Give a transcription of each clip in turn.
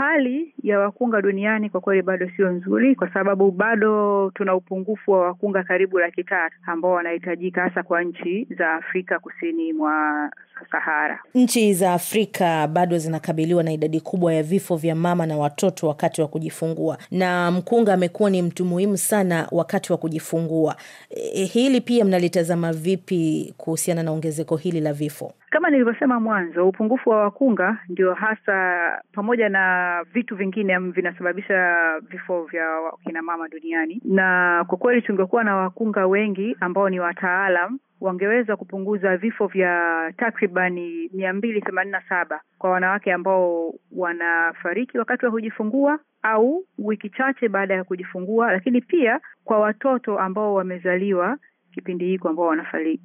hali ya wakunga duniani kwa kweli bado sio nzuri, kwa sababu bado tuna upungufu wa wakunga karibu laki tatu ambao wanahitajika hasa kwa nchi za Afrika kusini mwa Sahara. Nchi za Afrika bado zinakabiliwa na idadi kubwa ya vifo vya mama na watoto wakati wa kujifungua, na mkunga amekuwa ni mtu muhimu sana wakati wa kujifungua. E, hili pia mnalitazama vipi kuhusiana na ongezeko hili la vifo? Kama nilivyosema mwanzo, upungufu wa wakunga ndio hasa pamoja na vitu vingine vinasababisha vifo vya kina mama duniani, na kwa kweli tungekuwa na wakunga wengi ambao ni wataalam wangeweza kupunguza vifo vya takribani mia mbili themanini na saba kwa wanawake ambao wanafariki wakati wa kujifungua au wiki chache baada ya kujifungua, lakini pia kwa watoto ambao wamezaliwa kipindi hiko ambao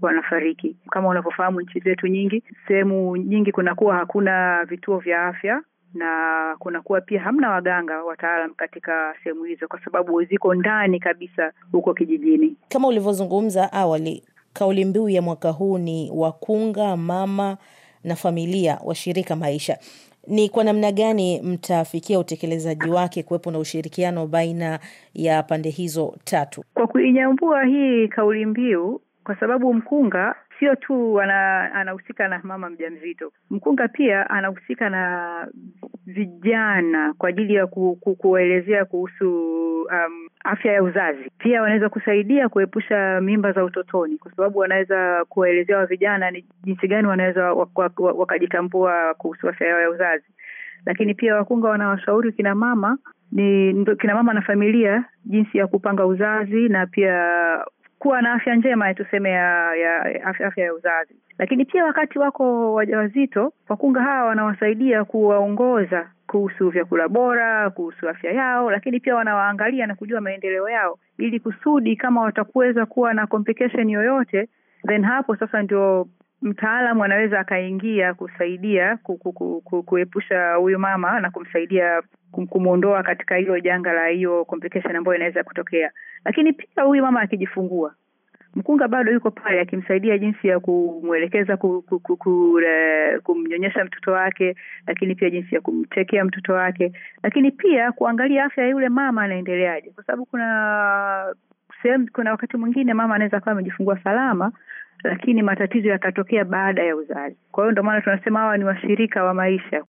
wanafariki. Kama unavyofahamu nchi zetu nyingi, sehemu nyingi kunakuwa hakuna vituo vya afya na kunakuwa pia hamna waganga wataalam katika sehemu hizo, kwa sababu ziko ndani kabisa huko kijijini. Kama ulivyozungumza awali, kauli mbiu ya mwaka huu ni wakunga mama na familia washirika maisha. Ni kwa namna gani mtafikia utekelezaji wake kuwepo na ushirikiano baina ya pande hizo tatu kwa kuinyambua hii kauli mbiu? Kwa sababu mkunga sio tu anahusika ana na mama mjamzito, mkunga pia anahusika na vijana kwa ajili ya ku, ku, kuwaelezea kuhusu um, afya ya uzazi. Pia wanaweza kusaidia kuepusha mimba za utotoni, kwa sababu wanaweza kuwaelezea wa vijana ni jinsi gani wanaweza wakajitambua kuhusu afya yao ya uzazi. Lakini pia wakunga wanawashauri kina mama ni kina mama na familia jinsi ya kupanga uzazi na pia kuwa na afya njema tuseme ya, ya afya, afya ya uzazi. Lakini pia wakati wako wajawazito, wakunga hawa wanawasaidia kuwaongoza kuhusu vyakula bora, kuhusu afya yao, lakini pia wanawaangalia na kujua maendeleo yao, ili kusudi kama watakuweza kuwa na complication yoyote, then hapo sasa ndio mtaalamu anaweza akaingia kusaidia kuepusha huyu mama na kumsaidia kumwondoa katika hilo janga la hiyo complication ambayo inaweza kutokea. Lakini pia huyu mama akijifungua, mkunga bado yuko pale akimsaidia jinsi ya kumwelekeza kumnyonyesha mtoto wake, lakini pia jinsi ya kumchekea mtoto wake, lakini pia kuangalia afya ya yule mama anaendeleaje, kwa sababu kuna sehemu, kuna wakati mwingine mama anaweza akawa amejifungua salama lakini matatizo yakatokea baada ya uzazi. Kwa hiyo ndio maana tunasema hawa ni washirika wa maisha.